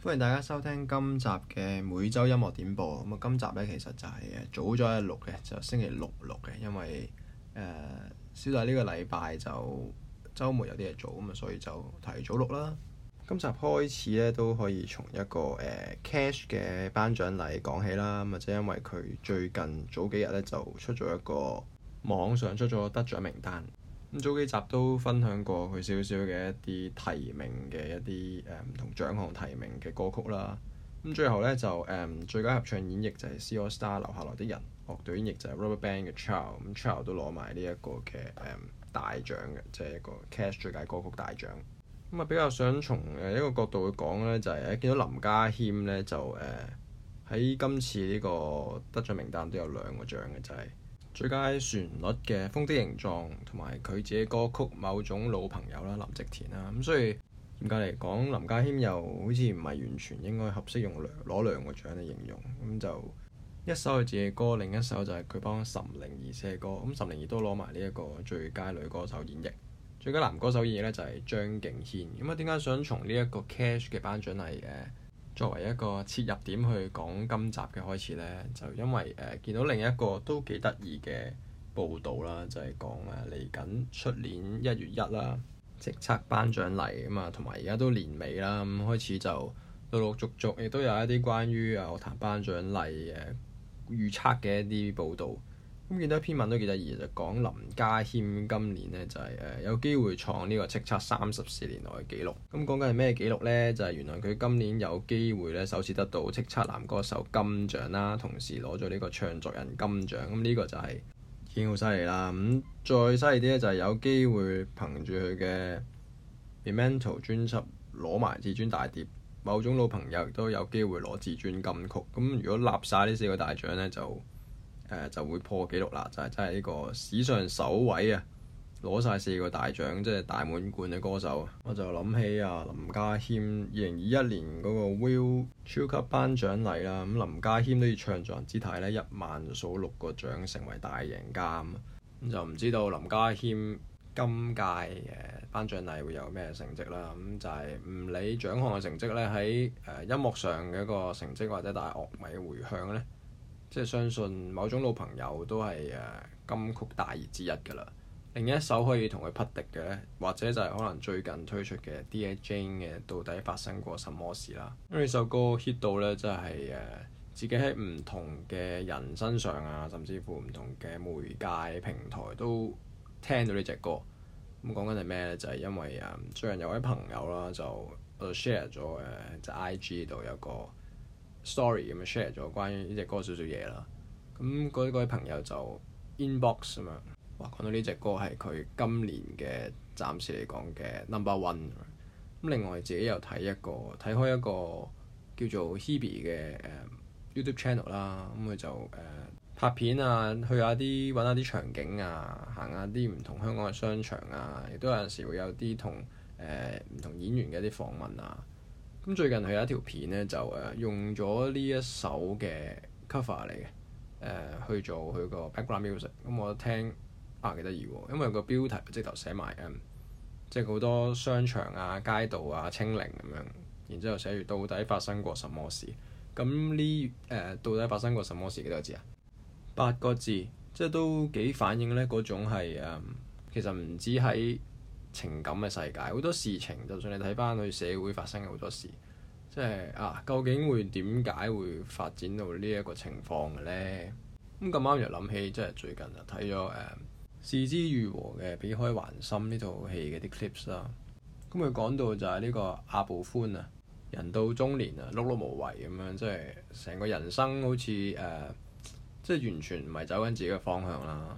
歡迎大家收聽今集嘅每周音樂點播。咁啊，今集呢，其實就係早咗一錄嘅，就星期六錄嘅，因為、呃、小弟呢個禮拜就週末有啲嘢做，咁啊，所以就提早錄啦。今集開始呢，都可以從一個、呃、cash 嘅頒獎禮講起啦。咁啊，即因為佢最近早幾日呢，就出咗一個網上出咗得獎名單。咁早幾集都分享過佢少少嘅一啲提名嘅一啲誒唔同獎項提名嘅歌曲啦。咁最後咧就誒、嗯、最佳合唱演繹就係、是《C AllStar》《留下來啲人》樂隊演繹就係、是、RubberBand 嘅《Child》，咁、嗯《Child、嗯》都攞埋呢一個嘅大獎嘅，即係個 Cash 最佳歌曲大獎。咁、嗯、啊比較想從誒一個角度去講咧，就係、是、見到林家謙咧就誒喺、嗯、今次呢個得獎名單都有兩個獎嘅，就係、是。最佳旋律嘅《風的形狀》同埋佢自己歌曲《某種老朋友》啦，林夕田啦，咁所以嚴格嚟講林家謙又好似唔係完全應該合適用攞兩個獎嚟形容，咁就一首佢自己嘅歌，另一首就係佢幫岑寧兒寫歌，咁岑寧兒都攞埋呢一個最佳女歌手演繹，最佳男歌手演繹咧就係張敬軒，咁啊點解想從呢一個 CASH 嘅頒獎禮誒，作為一個切入點去講今集嘅開始咧，就因為誒、呃、見到另一個都幾得意嘅報導啦，就係、是、講咧嚟緊出年一月一啦，叱咤頒獎禮啊嘛，同埋而家都年尾啦，咁開始就陸陸續續亦都有一啲關於啊樂壇頒獎禮誒預測嘅一啲報導。咁見、嗯、到一篇文都幾得意，就是、講林家謙今年呢，就係、是、誒、呃、有機會創呢個叱咤三十四年內嘅記錄。咁、嗯、講緊係咩記錄呢？就係、是、原來佢今年有機會呢首次得到叱咤男歌手金獎啦，同時攞咗呢個唱作人金獎。咁、嗯、呢、這個就係已經好犀利啦。咁、嗯、再犀利啲呢，就係有機會憑住佢嘅《Memento》專輯攞埋至尊大碟。某種老朋友都有機會攞至尊金曲。咁、嗯、如果立晒呢四個大獎呢，就～誒就會破紀錄啦，就係真係呢個史上首位啊攞晒四個大獎，即係大滿貫嘅歌手。我就諗起阿林家謙，二零二一年嗰個 Will 超級頒獎禮啦，咁林家謙都要唱作人姿態咧，一萬就數六個獎，成為大贏家咁。咁就唔知道林家謙今屆誒頒獎禮會有咩成績啦。咁就係唔理獎項嘅成績咧，喺誒音樂上嘅一個成績或者大樂迷回響咧。即係相信某種老朋友都係誒、啊、金曲大熱之一㗎啦。另一首可以同佢匹敵嘅咧，或者就係可能最近推出嘅 Dear Jane 嘅《到底發生過什麼事》啦。咁呢首歌 hit 到呢，就係誒自己喺唔同嘅人身上啊，甚至乎唔同嘅媒介平台都聽到呢隻歌。咁、嗯、講緊係咩呢？就係、是、因為啊，最近有位朋友啦就 share 咗嘅，即、啊就是、IG 度有個 Story 咁樣 share 咗關於呢隻歌少少嘢啦，咁嗰嗰位朋友就 inbox 咁樣，哇講到呢隻歌係佢今年嘅暫時嚟講嘅 number one，咁另外自己又睇一個睇開一個叫做 Hebe 嘅、呃、YouTube channel 啦，咁、嗯、佢就誒、呃、拍片啊，去下啲揾下啲場景啊，行下啲唔同香港嘅商場啊，亦都有陣時會有啲同誒唔同演員嘅啲訪問啊。咁最近佢有一條片咧，就誒用咗呢一首嘅 cover 嚟嘅，誒、呃、去做佢個 background music、嗯。咁我一聽啊，幾得意喎，因為個標題直頭寫埋嗯，即係好多商場啊、街道啊清零咁樣，然之後寫住到底發生過什麼事。咁呢誒到底發生過什麼事？幾多字啊？八個字，即係都幾反映咧嗰種係、嗯、其實唔止喺。情感嘅世界，好多事情，就算你睇翻去社會發生嘅好多事，即係啊，究竟會點解會發展到呢一個情況嘅呢？咁咁啱又諗起，即係最近啊睇咗誒《是枝裕和》嘅《比海還深》呢套戲嘅啲 clips 啦。咁佢講到就係呢個阿部寬啊，人到中年啊，碌碌無為咁樣，即係成個人生好似誒，即係完全唔係走緊自己嘅方向啦。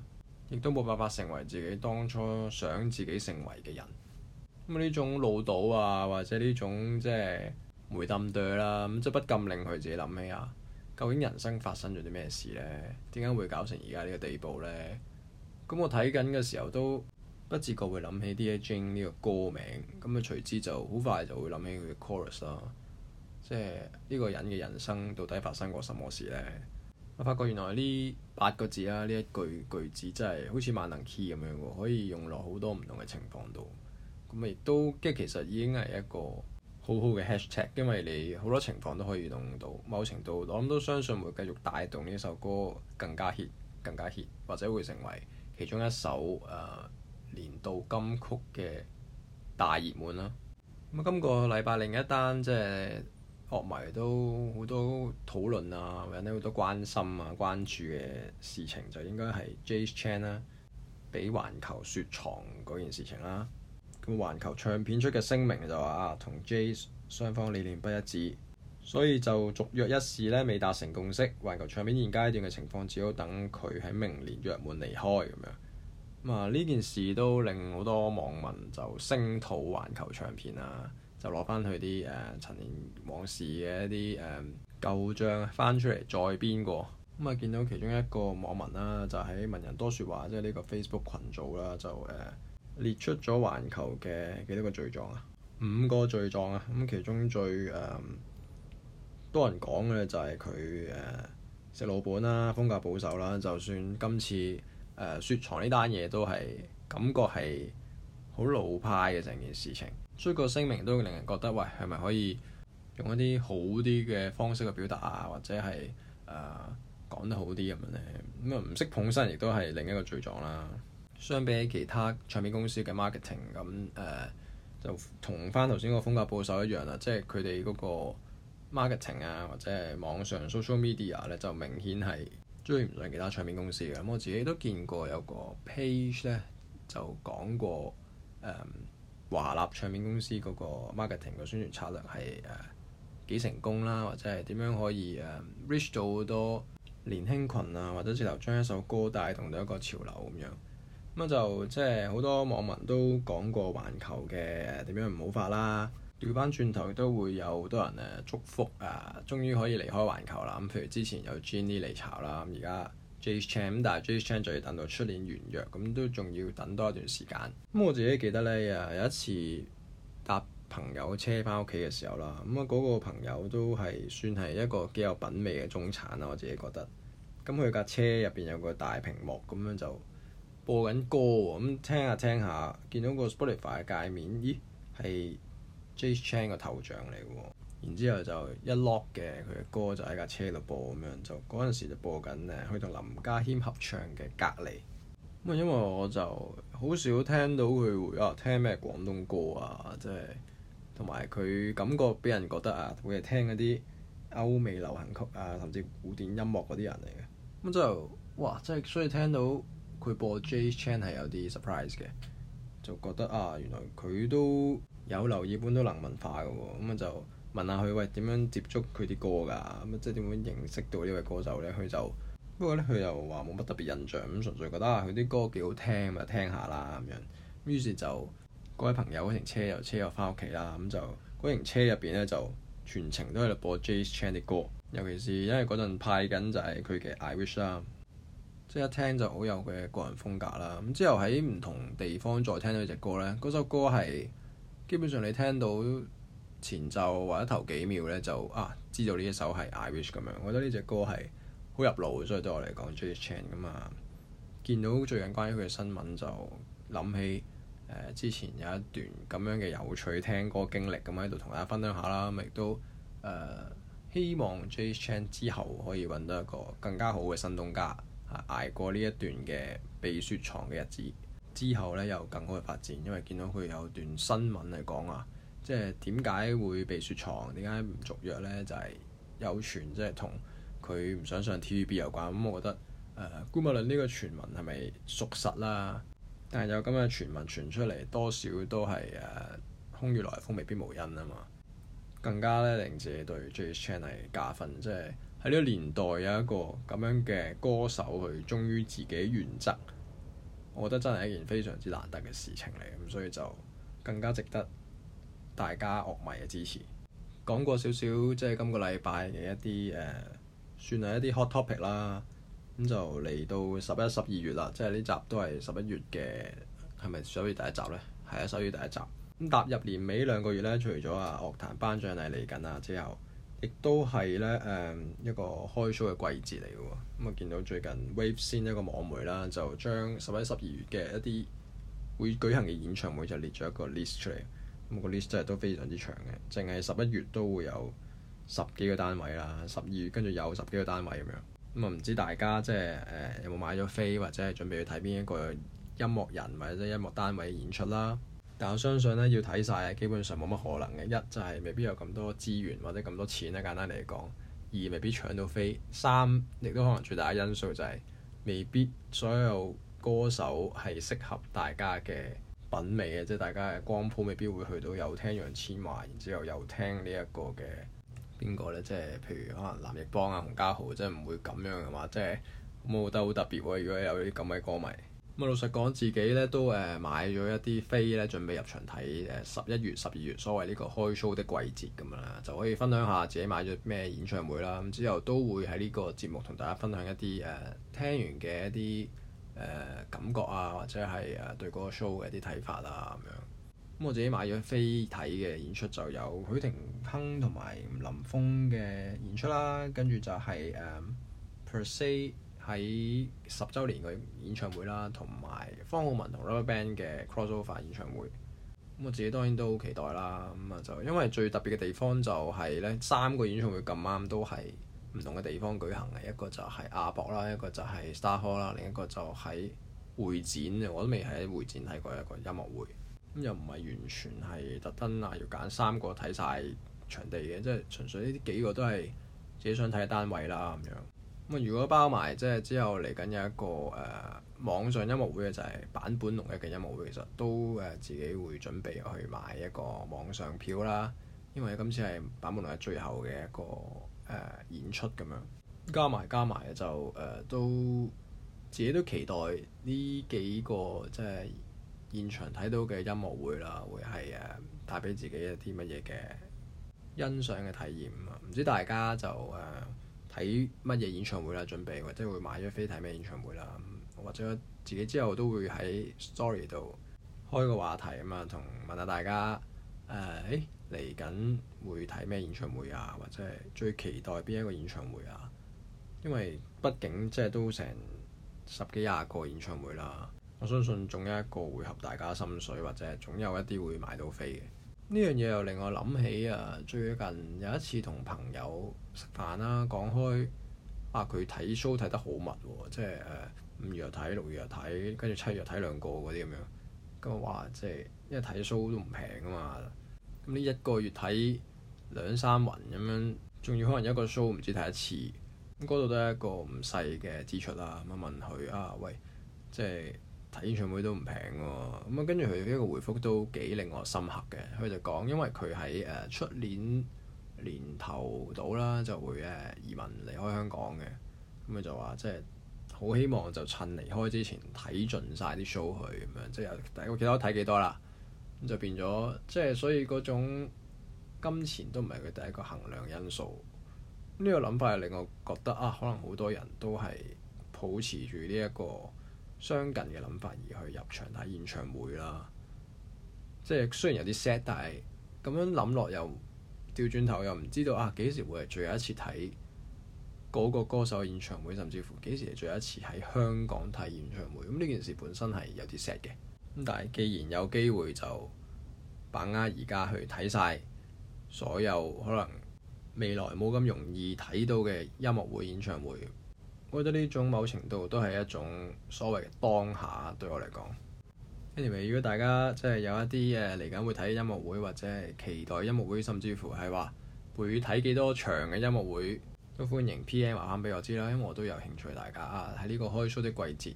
亦都冇辦法成為自己當初想自己成為嘅人。咁、嗯、呢種老賭啊，或者呢種即係梅登堆啦，咁、啊、即係不禁令佢自己諗起啊，究竟人生發生咗啲咩事呢？點解會搞成而家呢個地步呢？咁、嗯、我睇緊嘅時候，都不自覺會諗起啲《Jane》呢個歌名，咁啊隨之就好快就會諗起佢嘅 Chorus 啦。即係呢、呢個人嘅人生到底發生過什麼事呢？我發覺原來呢八個字啦、啊，呢一句句子真係好似萬能 key 咁樣喎，可以用落好多唔同嘅情況度。咁亦都即係其實已經係一個好好嘅 hashtag，因為你好多情況都可以用到。某程度，我諗都相信會繼續帶動呢首歌更加 hit、更加 hit，或者會成為其中一首誒、呃、年度金曲嘅大熱門啦。咁、嗯、啊，今個禮拜另一單即係～學埋都好多討論啊，引起好多關心啊、關注嘅事情，就應該係 Jay c h a n 咧俾環球雪藏嗰件事情啦。咁環球唱片出嘅聲明就話啊，同 Jay 雙方理念不一致，所以就續約一事咧未達成共識。環球唱片現階段嘅情況，只好等佢喺明年約滿離開咁樣。咁啊，呢件事都令好多網民就聲討環球唱片啊。就攞翻佢啲誒陳年往事嘅一啲誒、呃、舊章翻出嚟再編過，咁、嗯、啊見到其中一個網民啦、啊，就喺、是、文人多説話即係呢個 Facebook 群組啦、啊，就誒、呃、列出咗環球嘅幾多個罪狀啊，五個罪狀啊，咁、嗯、其中最誒、呃、多人講嘅就係佢誒食老本啦、啊，風格保守啦、啊，就算今次誒、呃、雪藏呢單嘢都係感覺係好老派嘅成件事情。所以個聲明都令人覺得，喂，係咪可以用一啲好啲嘅方式去表達啊，或者係誒、呃、講得好啲咁樣咧？咁啊，唔識捧新人亦都係另一個罪狀啦。相比起其他唱片公司嘅 marketing，咁誒、呃、就同翻頭先個風格保守一樣啦，即係佢哋嗰個 marketing 啊，或者係網上 social media 咧，就明顯係追唔上其他唱片公司嘅。咁我自己都見過有個 page 咧，就講過誒、呃華納唱片公司嗰個 marketing 嘅宣傳策略係誒、uh, 幾成功啦，或者係點樣可以誒、uh, reach 到好多年輕群啊，或者直頭將一首歌帶動到一個潮流咁樣，咁就即係好多網民都講過環球嘅點、啊、樣唔好法啦。掉翻轉頭都會有好多人咧、uh, 祝福啊，uh, 終於可以離開環球啦。咁、嗯、譬如之前有 Ginny 離巢啦，咁而家，Jace Chan，但係 Jace Chan 就要等到出年完約，咁都仲要等多一段時間。咁我自己記得呢，啊有一次搭朋友車翻屋企嘅時候啦，咁啊嗰個朋友都係算係一個幾有品味嘅中產啦，我自己覺得。咁佢架車入邊有個大屏幕咁樣就播緊歌，咁聽下聽下，見到個 Spotify 嘅界面，咦，係 Jace Chan 個頭像嚟喎。然之後就一 lock 嘅佢嘅歌就喺架車度播咁樣就，就嗰陣時就播緊咧，去同林家謙合唱嘅隔離咁啊。因為我就好少聽到佢會啊，聽咩廣東歌啊，即係同埋佢感覺俾人覺得啊，會係聽嗰啲歐美流行曲啊，甚至古典音樂嗰啲人嚟嘅咁，就哇，即係所以聽到佢播 Jace Chan 係有啲 surprise 嘅，就覺得啊，原來佢都有留意本都能文化嘅喎，咁就。問下佢，喂點樣接觸佢啲歌㗎？咁、嗯、即係點樣認識到呢位歌手呢？佢就不過呢，佢又話冇乜特別印象，咁純粹覺得佢啲歌幾好聽，咪、嗯、聽下啦咁樣。於是就嗰位朋友嗰程車又車又翻屋企啦，咁、嗯、就嗰程車入邊呢，就全程都係播 Jace Chan 啲歌，尤其是因為嗰陣派緊就係佢嘅《I Wish》啦，即係一聽就好有佢嘅個人風格啦。咁、嗯、之後喺唔同地方再聽到隻歌呢，嗰首歌係基本上你聽到。前奏或者頭幾秒呢，就啊，知道呢一首係《I Wish》咁樣，我覺得呢隻歌係好入腦，所以對我嚟講，Jace Chan 咁、嗯、啊。見到最近關於佢嘅新聞就諗起、呃、之前有一段咁樣嘅有趣聽歌經歷，咁喺度同大家分享下啦，亦、嗯、都、呃、希望 Jace Chan 之後可以揾到一個更加好嘅新東家、啊，捱過呢一段嘅被雪藏嘅日子之後呢，有更好嘅發展。因為見到佢有段新聞嚟講啊。即係點解會被雪藏？點解唔續約呢？就係、是、有傳，即係同佢唔想上 TVB 有關。咁、嗯，我覺得誒，姑勿論呢個傳聞係咪屬實啦？但係有咁嘅傳聞傳出嚟，多少都係誒、啊、空穴來風，未必無因啊嘛。更加咧，令自己對 Jace Chan 係加分，即係喺呢個年代有一個咁樣嘅歌手去忠於自己原則，我覺得真係一件非常之難得嘅事情嚟。咁所以就更加值得。大家樂迷嘅支持講過少少，即係今個禮拜嘅一啲誒、呃，算係一啲 hot topic 啦。咁就嚟到十一、十二月啦，即係呢集都係十一月嘅，係咪十一月第一集呢？係啊，十一月第一集咁、嗯、踏入年尾兩個月呢，除咗啊樂壇頒獎禮嚟緊啦，之後亦都係呢誒、呃、一個開 show 嘅季節嚟嘅喎。咁、嗯、啊，我見到最近 Wave 先一個網媒啦，就將十一、十二月嘅一啲會舉行嘅演唱會就列咗一個 list 出嚟。咁個 list 真係都非常之長嘅，淨係十一月都會有十幾個單位啦，十二月跟住有十幾個單位咁樣。咁、嗯、啊，唔知大家即係誒有冇買咗飛，或者係準備去睇邊一個音樂人或者音樂單位演出啦？但我相信咧，要睇晒基本上冇乜可能嘅。一就係、是、未必有咁多資源或者咁多錢啦，簡單嚟講。二未必搶到飛。三亦都可能最大嘅因素就係、是、未必所有歌手係適合大家嘅。品味嘅，即係大家嘅光譜未必會去到，又聽楊千嬅，然之後又聽呢一個嘅邊個呢？即係譬如可能藍奕邦啊、洪嘉豪，即係唔會咁樣嘅話，即係我覺得好特別喎。如果有啲咁嘅歌迷，咁啊、嗯、老實講自己呢都誒、呃、買咗一啲飛咧，準備入場睇誒、呃、十一月、十二月所謂呢個開 show 的季節咁樣啦，就可以分享下自己買咗咩演唱會啦。咁之後都會喺呢個節目同大家分享一啲誒、呃、聽完嘅一啲。誒、呃、感覺啊，或者係誒、呃、對嗰個 show 嘅一啲睇法啊咁樣。咁我自己買咗飛睇嘅演出就有許廷鏗同埋林峯嘅演出啦，跟住就係 Per Se 喺十週年嘅演唱會啦，同埋方浩文同 RubberBand 嘅 Cross Over 演唱會。咁我自己當然都好期待啦。咁啊就因為最特別嘅地方就係呢三個演唱會咁啱都係。唔同嘅地方舉行嘅一個就係亞博啦，一個就係 Star Hall 啦，另一個就喺會展。我都未喺會展睇過一個音樂會，咁又唔係完全係特登啊！要揀三個睇晒場地嘅，即係純粹呢啲幾個都係自己想睇嘅單位啦咁樣。咁啊，如果包埋即係之後嚟緊有一個誒、啊、網上音樂會嘅就係坂本龍一嘅音樂會，其實都誒、啊、自己會準備去買一個網上票啦，因為今次係坂本龍一最後嘅一個。誒、呃、演出咁樣，加埋加埋就誒、呃、都自己都期待呢幾個即係現場睇到嘅音樂會啦，會係誒、呃、帶俾自己一啲乜嘢嘅欣賞嘅體驗啊！唔知大家就誒睇乜嘢演唱會啦，準備或者會買咗飛睇咩演唱會啦，或者自己之後都會喺 story 度開個話題啊嘛，同問，問下大家誒、呃欸嚟緊會睇咩演唱會啊，或者係最期待邊一個演唱會啊？因為畢竟即係都成十幾、廿個演唱會啦。我相信總有一個會啱大家心水或者總有一啲會買到飛嘅呢樣嘢。又令我諗起啊，最近有一次同朋友食飯啦、啊，講開啊，佢睇 show 睇得好密喎、啊，即係誒五月又睇，六月又睇，跟住七月又睇兩個嗰啲咁樣。咁話即係因為睇 show 都唔平啊嘛。咁呢一個月睇兩三巡咁樣，仲要可能一個 show 唔止睇一次，嗰度都係一個唔細嘅支出啦。問問佢啊，喂，即係睇演唱會都唔平喎。咁啊，跟住佢一個回覆都幾令我深刻嘅。佢就講，因為佢喺誒出年年頭到啦，就會誒移民離開香港嘅。咁佢就話，即係好希望就趁離開之前睇盡晒啲 show 去咁樣，即係有睇幾多睇幾多啦。咁就變咗，即係所以嗰種金錢都唔係佢第一個衡量因素。呢個諗法令我覺得啊，可能好多人都係抱持住呢一個相近嘅諗法而去入場睇演唱會啦。即係雖然有啲 sad，但係咁樣諗落又調轉頭又唔知道啊幾時會係最後一次睇嗰個歌手演唱會，甚至乎幾時係最後一次喺香港睇演唱會。咁呢件事本身係有啲 sad 嘅。但係，既然有機會就把握而家去睇晒所有可能未來冇咁容易睇到嘅音樂會演唱會，我覺得呢種某程度都係一種所謂嘅當下對我嚟講。Anyway，如果大家即係有一啲嚟緊會睇音樂會，或者期待音樂會，甚至乎係話會睇幾多場嘅音樂會，都歡迎 PM 話返俾我知啦，因為我都有興趣大家啊喺呢個開 show 的季節。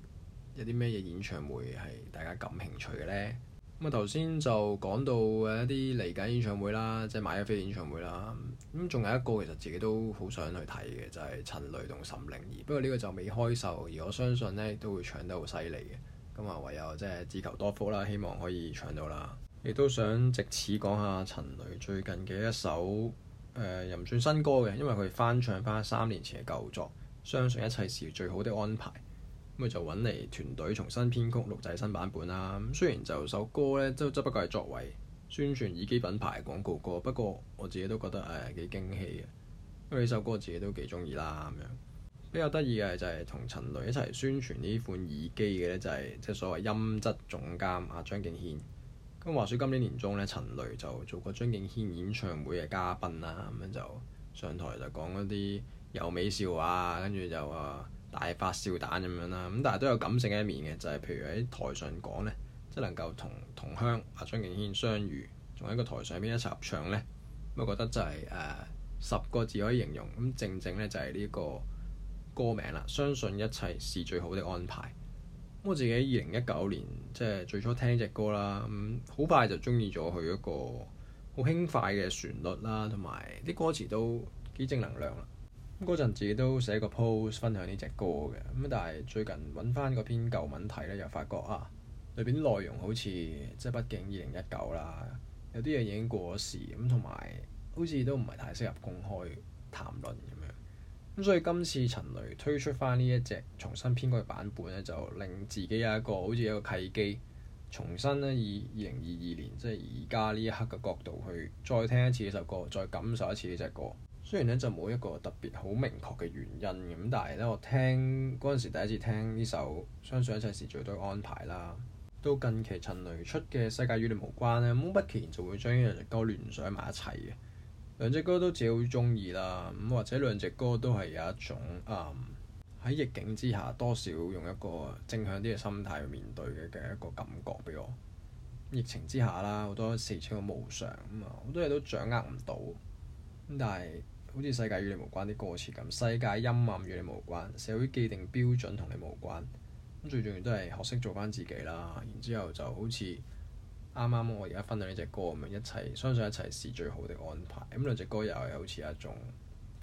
有啲咩嘢演唱會係大家感興趣嘅呢？咁啊頭先就講到誒一啲嚟緊演唱會啦，即係買咗飛演唱會啦。咁仲有一個其實自己都好想去睇嘅，就係、是、陳蕾同岑寧兒。不過呢個就未開售，而我相信呢都會搶得好犀利嘅。咁啊，唯有即係自求多福啦，希望可以搶到啦。亦都想藉此講下陳蕾最近嘅一首誒、呃，又唔算新歌嘅，因為佢翻唱翻三年前嘅舊作《相信一切是最好的安排》。咁就揾嚟團隊重新編曲錄製新版本啦。咁雖然就首歌呢，都只不過係作為宣傳耳機品牌廣告歌，不過我自己都覺得誒、哎、幾驚喜嘅，因為首歌自己都幾鍾意啦。咁樣比較得意嘅就係、是、同陳蕾一齊宣傳呢款耳機嘅呢，就係即係所謂音質總監啊張敬軒。咁話說今年年中呢，陳蕾就做過張敬軒演唱會嘅嘉賓啦，咁樣就上台就講一啲幽默笑話、啊，跟住就話，大發笑彈咁樣啦，咁但係都有感性嘅一面嘅，就係、是、譬如喺台上講呢，即係能夠同同鄉阿張敬軒相遇，仲喺個台上邊一齊合唱呢。咁我覺得就係誒十個字可以形容，咁正正呢就係呢個歌名啦，相信一切是最好的安排。我自己二零一九年即係最初聽隻歌啦，咁好快就鍾意咗佢一個好輕快嘅旋律啦，同埋啲歌詞都幾正能量啦。咁嗰陣自己都寫個 post 分享呢隻歌嘅，咁但係最近揾翻嗰篇舊文睇咧，又發覺啊，裏邊內容好似即係畢竟二零一九啦，有啲嘢已經過咗時，咁同埋好似都唔係太適合公開談論咁樣。咁所以今次陳蕾推出翻呢一隻重新編過嘅版本咧，就令自己有一個好似一個契機，重新咧以二零二二年即係而家呢一刻嘅角度去再聽一次呢首歌，再感受一次呢隻歌。雖然咧就冇一個特別好明確嘅原因嘅，咁，但係咧我聽嗰陣時，第一次聽呢首《相信一切是最好的安排》啦，到近期陳蕾出嘅《世界與你無關》呢，冇不其然就會將呢兩隻歌聯想埋一齊嘅，兩隻歌都自己好鍾意啦。咁或者兩隻歌都係有一種喺、嗯、逆境之下，多少用一個正向啲嘅心態去面對嘅嘅一個感覺俾我。疫情之下啦，好多事情都無常咁啊，好多嘢都掌握唔到咁，但係～好似世界與你無關啲歌詞咁，世界陰暗與你無關，社會既定標準同你無關。咁最重要都係學識做返自己啦。然之後就好似啱啱我而家分享呢隻歌咁樣，一切相信一切是最好的安排。咁兩隻歌又係好似一種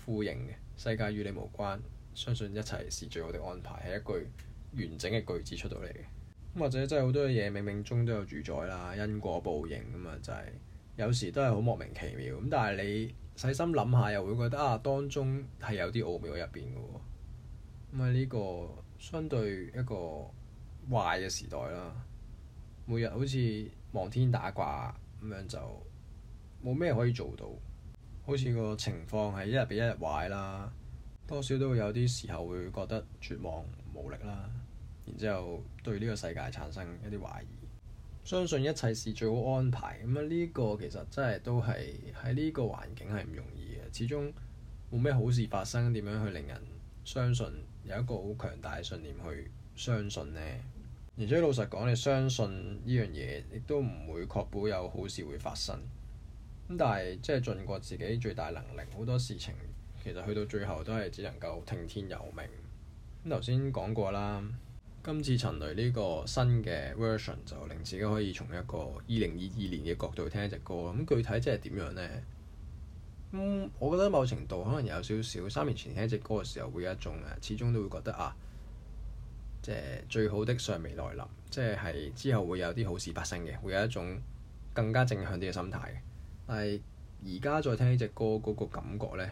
呼應嘅。世界與你無關，相信一切是最好的安排係一句完整嘅句子出到嚟嘅。咁或者真係好多嘢冥冥中都有主宰啦，因果報應啊嘛，就係、是、有時都係好莫名其妙。咁但係你，細心諗下又會覺得啊，當中係有啲奧妙入邊嘅喎，咁啊呢個相對一個壞嘅時代啦，每日好似望天打卦咁樣就冇咩可以做到，好似個情況係一日比一日壞啦，多少都會有啲時候會覺得絕望無力啦，然之後對呢個世界產生一啲懷疑。相信一切是最好安排，咁啊呢個其實真係都係喺呢個環境係唔容易嘅，始終冇咩好事發生，點樣去令人相信有一個好強大嘅信念去相信呢？而且老實講，你相信呢樣嘢，亦都唔會確保有好事會發生。咁但係即係盡過自己最大能力，好多事情其實去到最後都係只能夠聽天由命。咁頭先講過啦。今次陳蕾呢個新嘅 version 就令自己可以從一個二零二二年嘅角度聽一隻歌咁具體即係點樣呢？嗯，我覺得某程度可能有少少三年前聽一隻歌嘅時候，會有一種啊，始終都會覺得啊，即係最好的尚未來臨，即係係之後會有啲好事發生嘅，會有一種更加正向啲嘅心態。但係而家再聽呢隻歌嗰個感覺呢，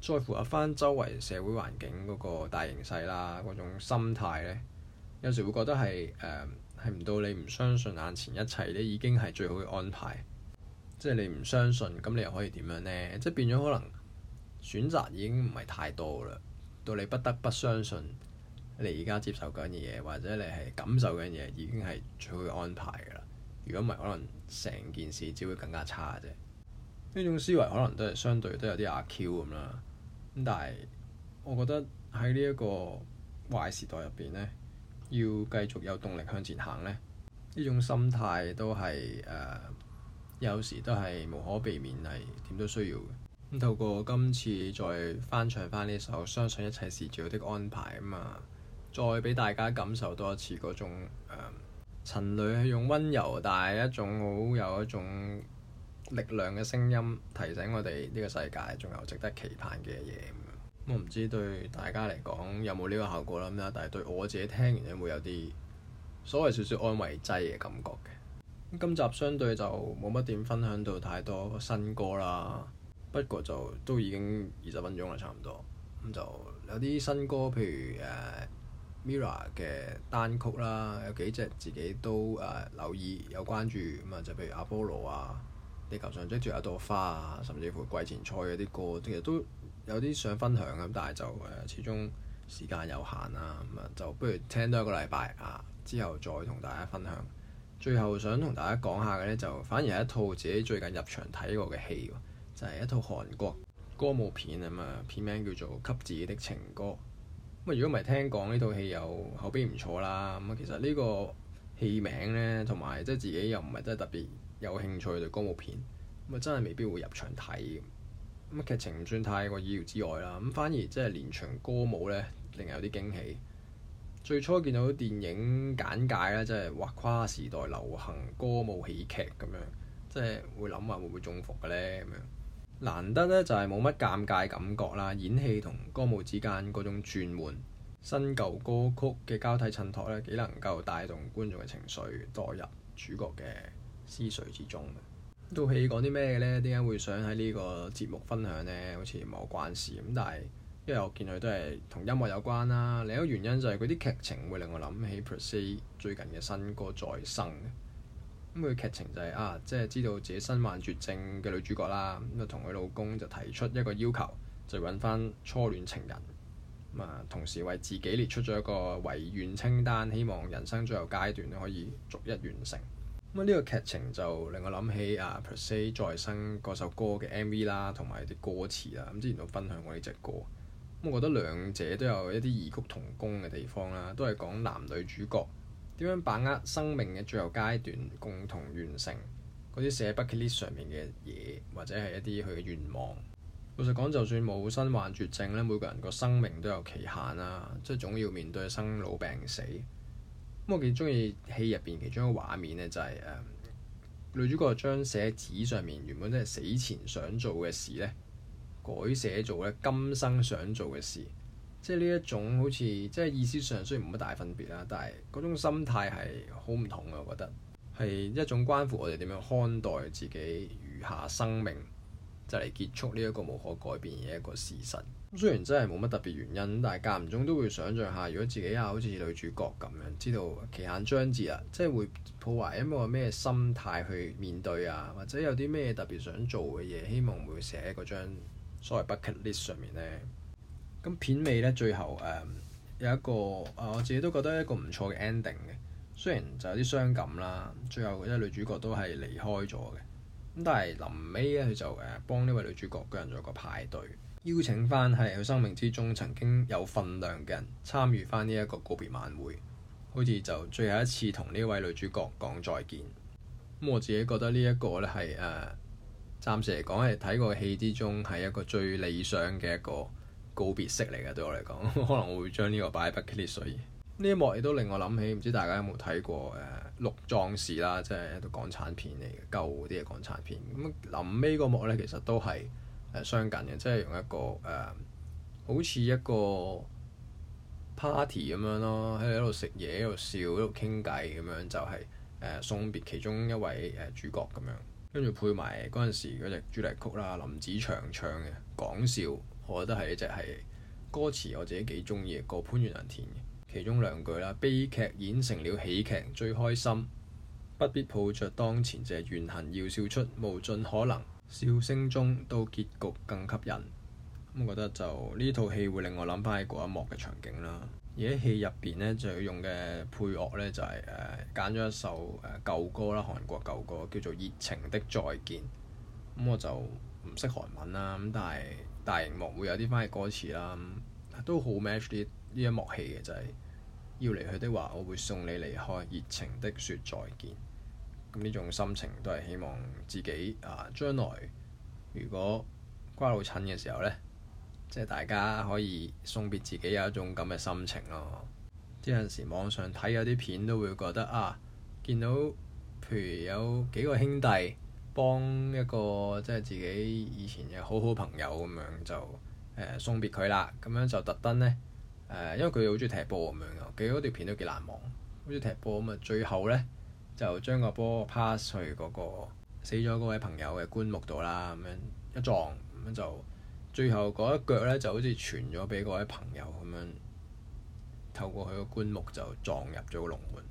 再符合翻周圍社會環境嗰個大形勢啦，嗰種心態呢。有時會覺得係誒係唔到你唔相信眼前一切咧，已經係最好嘅安排。即係你唔相信，咁你又可以點樣呢？即係變咗可能選擇已經唔係太多噶啦，到你不得不相信你而家接受緊嘅嘢，或者你係感受緊嘅嘢，已經係最好嘅安排噶啦。如果唔係，可能成件事只會更加差啫。呢種思維可能都係相對都有啲阿 Q 咁啦。咁但係我覺得喺呢一個壞時代入邊呢，要繼續有動力向前行呢，呢種心態都係誒、呃，有時都係無可避免，係點都需要嘅。咁透過今次再翻唱翻呢首《相信一切是最好的安排》啊嘛、嗯，再俾大家感受多一次嗰種誒、呃，陳蕾用溫柔但係一種好有一種力量嘅聲音，提醒我哋呢個世界仲有值得期盼嘅嘢。我唔知對大家嚟講有冇呢個效果啦，咁啦，但係對我自己聽完咧，會有啲所謂少少安慰劑嘅感覺嘅。咁今集相對就冇乜點分享到太多新歌啦，不過就都已經二十分鐘啦，差唔多。咁就有啲新歌，譬如、啊、Mirror 嘅單曲啦，code, 有幾隻自己都誒、啊、留意有關注，咁啊就譬如 Apollo 啊，《地球上積住一朵花》啊，甚至乎季前賽嗰啲歌，其實都～有啲想分享咁，但係就誒、呃、始終時間有限啦，咁、嗯、啊就不如聽多一個禮拜啊，之後再同大家分享。最後想同大家講下嘅呢，就反而係一套自己最近入場睇過嘅戲就係、是、一套韓國歌舞片啊嘛、嗯，片名叫做《給自己的情書》。咁如果唔係聽講呢套戲又口碑唔錯啦，咁、嗯、啊其實呢個戲名呢，同埋即係自己又唔係真係特別有興趣對歌舞片，咁、嗯、啊真係未必會入場睇。咁劇情唔算太過意料之外啦，咁反而即係連場歌舞呢，令人有啲驚喜。最初見到電影簡介呢，即係話跨時代流行歌舞喜劇咁樣，即係會諗話會唔會中伏嘅呢咁樣。難得呢，就係冇乜尷尬感覺啦，演戲同歌舞之間嗰種轉換、新舊歌曲嘅交替襯托呢，幾能夠帶動觀眾嘅情緒，代入主角嘅思緒之中。呢套戲講啲咩嘅呢？點解會想喺呢個節目分享呢？好似冇關事咁，但係因為我見佢都係同音樂有關啦、啊。另一個原因就係佢啲劇情會令我諗起 Perse 最近嘅新歌《再生》。咁、嗯、佢劇情就係、是、啊，即係知道自己身患絕症嘅女主角啦，咁就同佢老公就提出一個要求，就揾翻初戀情人。咁、嗯、啊，同時為自己列出咗一個遺願清單，希望人生最後階段可以逐一完成。咁呢個劇情就令我諗起啊，Perse、啊、再生嗰首歌嘅 MV 啦，同埋啲歌詞啦。咁之前都分享過呢隻歌，咁我覺得兩者都有一啲異曲同工嘅地方啦，都係講男女主角點樣把握生命嘅最後階段，共同完成嗰啲寫喺 bucket list 上面嘅嘢，或者係一啲佢嘅願望。老實講，就算冇身患絕症咧，每個人個生命都有期限啦，即係總要面對生老病死。咁我幾中意戲入邊其中一個畫面呢，就係、是、誒、呃、女主角將寫喺紙上面原本即係死前想做嘅事呢，改寫做咧今生想做嘅事，即係呢一種好似即係意思上雖然冇乜大分別啦，但係嗰種心態係好唔同嘅，我覺得係一種關乎我哋點樣看待自己餘下生命，就嚟、是、結束呢一個無可改變嘅一個事實。咁雖然真係冇乜特別原因，但係間唔中都會想像下，如果自己啊好似女主角咁樣，知道期限將至啊，即係會抱懷一個咩心態去面對啊，或者有啲咩特別想做嘅嘢，希望會寫嗰張所謂 bucket list 上面呢。咁片尾呢，最後誒、嗯、有一個啊，我自己都覺得一個唔錯嘅 ending 嘅。雖然就有啲傷感啦，最後即係女主角都係離開咗嘅。咁但係臨尾咧，佢就誒幫呢位女主角個人做一個派對。邀請翻係佢生命之中曾經有份量嘅人參與翻呢一個告別晚會，好似就最後一次同呢位女主角講再見。咁我自己覺得呢一個咧係誒，暫時嚟講係睇過戲之中係一個最理想嘅一個告別式嚟嘅，對我嚟講， 可能我會將呢個擺喺 bucket list。呢一幕亦都令我諗起，唔知大家有冇睇過誒《六壯士》啦，即係都港產片嚟嘅，舊啲嘅港產片。咁臨尾個幕呢，其實都係。誒相近嘅，即係用一個誒、呃，好似一個 party 咁樣咯，喺度食嘢，喺度笑，喺度傾偈咁樣、就是，就係誒送別其中一位誒、呃、主角咁樣，跟住配埋嗰陣時嗰隻主題曲啦，林子祥唱嘅《講笑》，我覺得係一隻係歌詞我自己幾中意嘅，個潘源良填嘅其中兩句啦，悲劇演成了喜劇，最開心，不必抱着當前這怨恨，要笑出無盡可能。笑聲中到結局更吸引，我覺得就呢套戲會令我諗翻起嗰一幕嘅場景啦。而喺戲入邊呢，就要用嘅配樂呢，就係誒揀咗一首誒舊歌啦，韓國舊歌叫做《熱情的再見》。咁、嗯、我就唔識韓文啦，咁但係大熒幕會有啲翻譯嘅歌詞啦，嗯、都好 match 啲呢一,一幕戲嘅就係、是、要離去的話，我會送你離開，熱情的說再見。咁呢種心情都係希望自己啊將來如果瓜老襯嘅時候呢，即係大家可以送別自己有一種咁嘅心情咯。即係有陣時網上睇有啲片都會覺得啊，見到譬如有幾個兄弟幫一個即係、就是、自己以前嘅好好朋友咁樣就、呃、送別佢啦。咁樣就特登呢、呃，因為佢好中意踢波咁樣嘅，佢嗰條片都幾難忘。好中意踢波咁啊，最後呢。就將個波 pass 去嗰個死咗嗰位朋友嘅棺木度啦，咁樣一撞咁樣就最後嗰一腳咧，就好似傳咗俾嗰位朋友咁樣，透過佢個棺木就撞入咗個龍門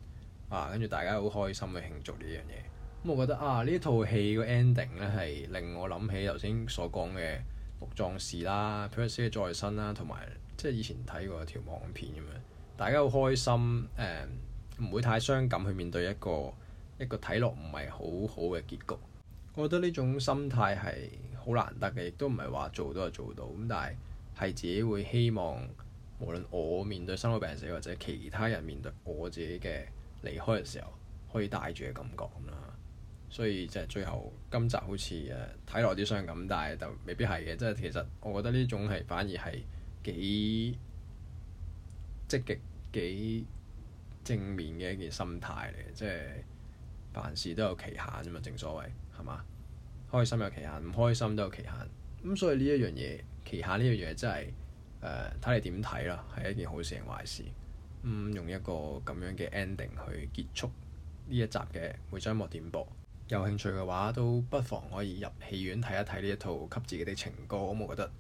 啊！跟住大家好開心去慶祝呢樣嘢。咁、啊、我覺得啊，呢套戲個 ending 咧係令我諗起頭先所講嘅六壯士啦、process 再生啦，同埋即係以前睇過一條網片咁樣，大家好開心誒～、啊唔會太傷感去面對一個一個睇落唔係好好嘅結局，我覺得呢種心態係好難得嘅，亦都唔係話做到就做到咁，但係係自己會希望，無論我面對生老病死或者其他人面對我自己嘅離開嘅時候，可以帶住嘅感覺咁啦。所以即係最後今集好似誒睇落啲傷感，但係就未必係嘅，即係其實我覺得呢種係反而係幾積極幾正面嘅一件心態嚟，即係凡事都有期限啊嘛，正所謂，係嘛？開心有期限，唔開心都有期限。咁、嗯、所以呢一樣嘢，期限呢樣嘢真係，誒、呃，睇你點睇啦，係一件好事定壞事？咁、嗯、用一個咁樣嘅 ending 去結束呢一集嘅《每周音樂點播》。有興趣嘅話都不妨可以入戲院睇一睇呢一套《給自己啲情歌》嗯。咁我覺得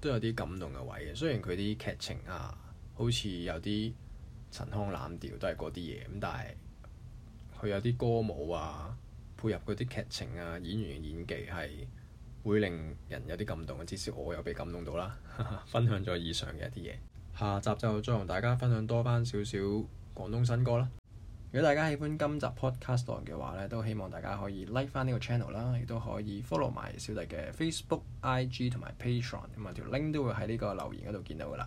都有啲感動嘅位嘅，雖然佢啲劇情啊好似有啲。陳腔濫調都係嗰啲嘢，咁但係佢有啲歌舞啊，配合嗰啲劇情啊，演員嘅演技係會令人有啲感動，至少我有被感動到啦。哈哈，分享咗以上嘅一啲嘢，下集就再同大家分享多翻少少廣東新歌啦。如果大家喜歡今集 podcast 嘅話呢，都希望大家可以 like 返呢個 channel 啦，亦都可以 follow 埋小弟嘅 Facebook、IG 同埋 Patreon，咁啊條 link 都會喺呢個留言嗰度見到噶啦。